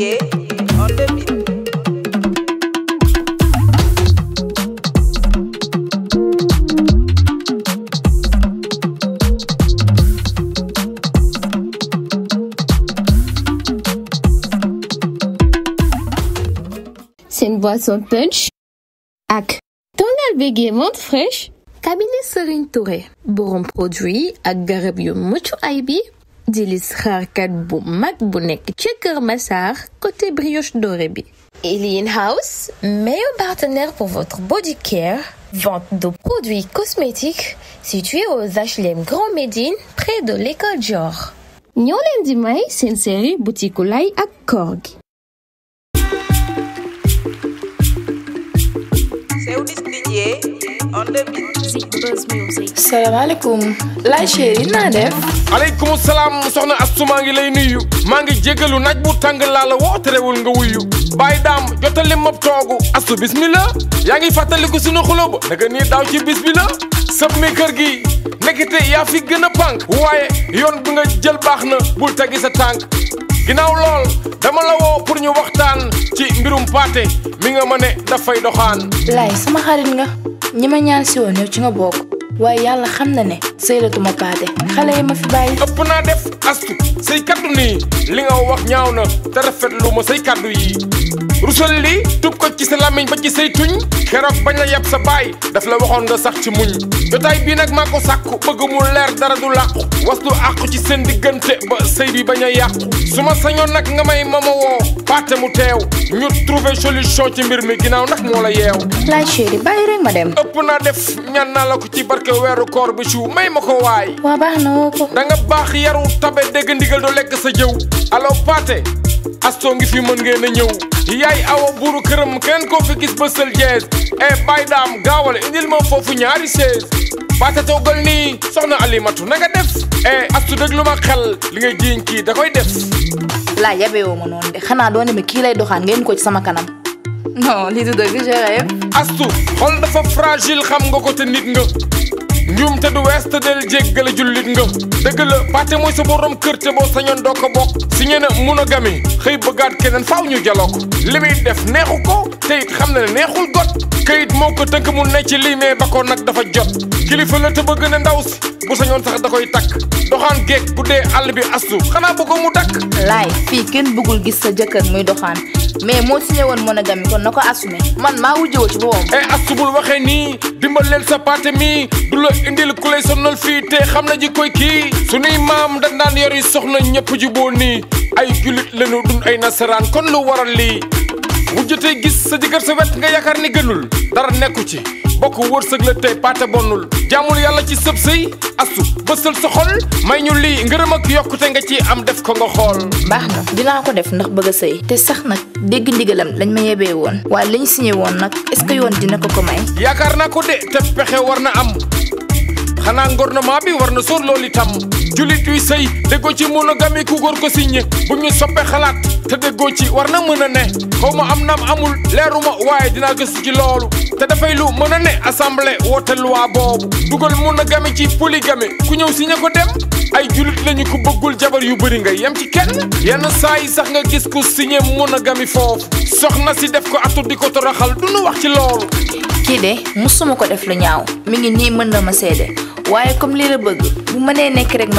C'est une boisson punch. Ak. albégué monte fraîche. Cabinet Serine Touré. Bon produit à garabio yu dilis xaarkat bu mag bu nekk ci Kër Massar côté brioche dorée bi. House, meilleur partenaire pour votre body care, vente de produits cosmétiques situé aux HLM Grand Médine près de l'école Dior. Nyon lundi mai, may une série boutique lay ak korg. Seunit salaamaaleykum la chérie naa def. aleykum salaam soxna Astou maa ngi lay nuyu. maa ngi jégalu naaj bu tàng laa la nga wuyu. bàyyi daam jotali ma toogu. Astou bismillah. yaa ngi fàttaliku sunu xuloo naka nii daaw ci bis bi la. sëb mi kër gi. nekkite yaa fi gën a pànk. waaye yoon bi nga jël baax na. bul tegi sa tànk. ginnaaw lool dama la woo pour ñu waxtaan. ci mbirum pàate mi nga ma ne dafay doxaan laay sama xarit nga ñi ma ñaan si woon yow ci nga bokk waaye yàlla xam na ne sëylatuma paate xale yi ma fi bàyyi ëpp naa def astu say kaddu nii li nga wax ñaaw na te rafetlu ma say kaddu yi rusal li tup ko ci sa làmmiñ ba ci sey tuñ kérok bañ la yab sa bay daf la waxon nga sax ci muñ jotay bi nak mako sakku sàkku bëgg mu leer dara du laq was du ci sen diggante ba sey bi baña yaq suma sañon nak nga may mama wo paate mu tew ñu trouver solution ci mbir mi ginaaw nak mo la yew la chéri bay rek ma dem ëpp na def ñan na la ko ci barké wéru koor bi may mako way wa na ko da nga baax yaru tabé dégg ndigal do lek sa jëw asto ngi fi mën ngeen a ñëw yaay awa buuru këram keneen koo fi gis bësal jees e bay daam gaawal indil ma foofu ñaari sees paate toogal nii soxna alimatu na nga def e astu déglu ma xel li nga jiiñ kii da koy def laa yabewoo ma noonu de xanaa doone ma kii lay doxaan nga indi ko ci sama kanam non lii du dëgg astu xol dafa fragile xam nga ko te nit nga njuum te du wees te del jéggale jullit nga dëgg la pàtte mooy sa borom kër te boo sañoon doo ko bokk si ñeneen monogamie xëy bëggaat keneen faaw ñu jaloog li muy def neexu ko te it xam na ne neexul got kayit moo ko tënk mu ne ci lii mais ba ko nag dafa jot kilifa la te bëgg ne ndaw si bu sañoon sax da koy takk doxaan geeg bu dee àll bi astu xanaa bëggoon mu dakk laay fii kenn bëggul gis sa jëkkër muy doxaan mais moo signé woon monogamie kon na ko assumé man maa wujjoo ci boppam. eh astu bul waxee nii dimbal leen sa pàate mi du la indil ku lay sonal fii te xam na ji koy kii sunuy maam dañ daan yori soxna ñëpp juboo nii ay julit lañu dun ay nasaraan kon lu waral lii wujjatee gis sa jëkkër sa wet nga yaakaar ni gënul dara nekku ci. bokk wërsëg la tey paate bonnul jaamul yàlla ci sëb sëy asu bësal sa xol may ñu lii ngërëm ak yokkute nga ci am def ko nga xool baax na dinaa ko def ndax bëgg a sëy te sax nag dégg ndigalam lañ ma yebee woon waaye lañ signé woon nag est-ce que yoon dina ko ko may yaakaar naa ko de te pexe war na am xanaa ngornement bi war na sóor loolu itam wi sey isi, go ci gami ku gor ko signé bu ñu soppé xalaat te go ci warna mëna né xawma am naam amul leeruma waye dina gëss ci loolu te fay lu mëna né assemblée wote loi bobu dugal gami ci polygamy ku ñew signé ko dem ay julit lañu ko bëggul jabar yu bëri nga yam ci kenn yenn saay sax nga gis ku signé gami fofu soxna ci def ko atu diko ko du ñu wax ci loolu ki de musuma ko def lu ñaaw mi ngi ni mëna ma sédé waye comme li la bëgg bu mënee nek rek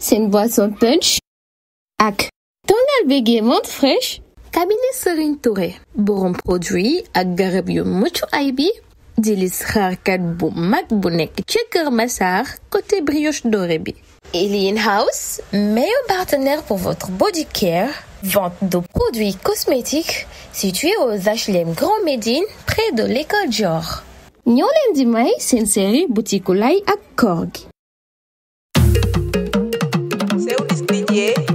c'est une boisson punch. Ak, tonal monte fraîche. Cabinet Serin Touré, Bon produit ak garab yo muccu délice rare lis xaarkat bu checker bu Massar côté brioche dorébi. bi. Alien House, meilleur partenaire pour votre body care, vente de produits cosmétiques situé aux HLM Grand Médine près de l'école Dior. Nyon leen di c'est une série boutique lay ak Korg. yeah.